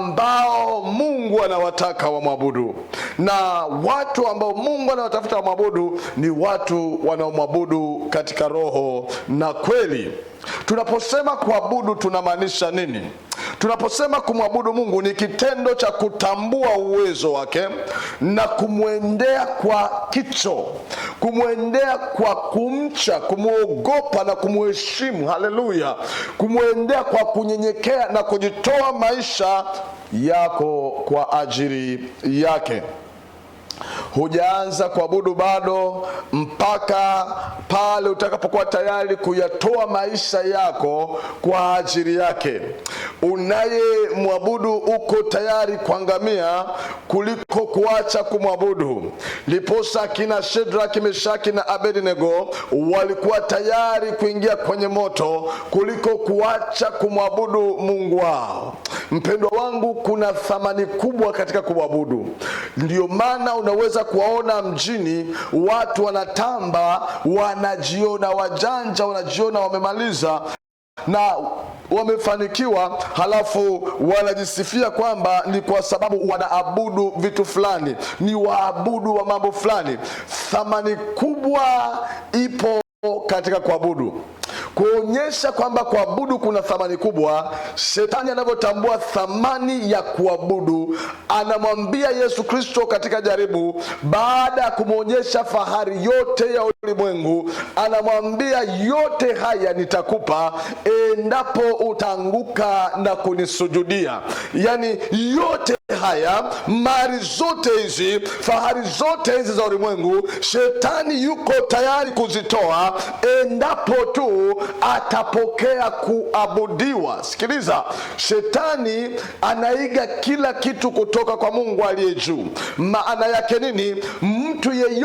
ambao Mungu anawataka wamwabudu, na watu ambao Mungu anawatafuta wamwabudu ni watu wanaomwabudu katika roho na kweli. Tunaposema kuabudu tunamaanisha nini? Tunaposema kumwabudu Mungu ni kitendo cha kutambua uwezo wake na kumwendea kwa kicho, kumwendea kwa kumcha, kumwogopa na kumheshimu. Haleluya! kumwendea kwa kunyenyekea na kujitoa maisha yako kwa ajili yake hujaanza kuabudu bado mpaka pale utakapokuwa tayari kuyatoa maisha yako kwa ajili yake. Unayemwabudu uko tayari kuangamia kuliko kuacha kumwabudu. Liposa kina Shedraki, Meshaki na Abednego walikuwa tayari kuingia kwenye moto kuliko kuacha kumwabudu Mungu wao. Mpendwa wangu, kuna thamani kubwa katika kuabudu. Ndiyo maana unaweza kuwaona mjini watu wanatamba, wanajiona wajanja, wanajiona wamemaliza na wamefanikiwa halafu wanajisifia kwamba ni kwa sababu wanaabudu vitu fulani, ni waabudu wa mambo fulani. Thamani kubwa ipo katika kuabudu kuonyesha kwamba kuabudu kuna thamani kubwa. Shetani anavyotambua thamani ya kuabudu, anamwambia Yesu Kristo katika jaribu, baada ya kumwonyesha fahari yote ya ulimwengu, anamwambia yote haya nitakupa endapo utaanguka na kunisujudia, yani yote yote haya, mali zote hizi, fahari zote hizi za ulimwengu, shetani yuko tayari kuzitoa endapo tu atapokea kuabudiwa. Sikiliza, shetani anaiga kila kitu kutoka kwa Mungu aliye juu. Maana yake nini? Mtu yeyote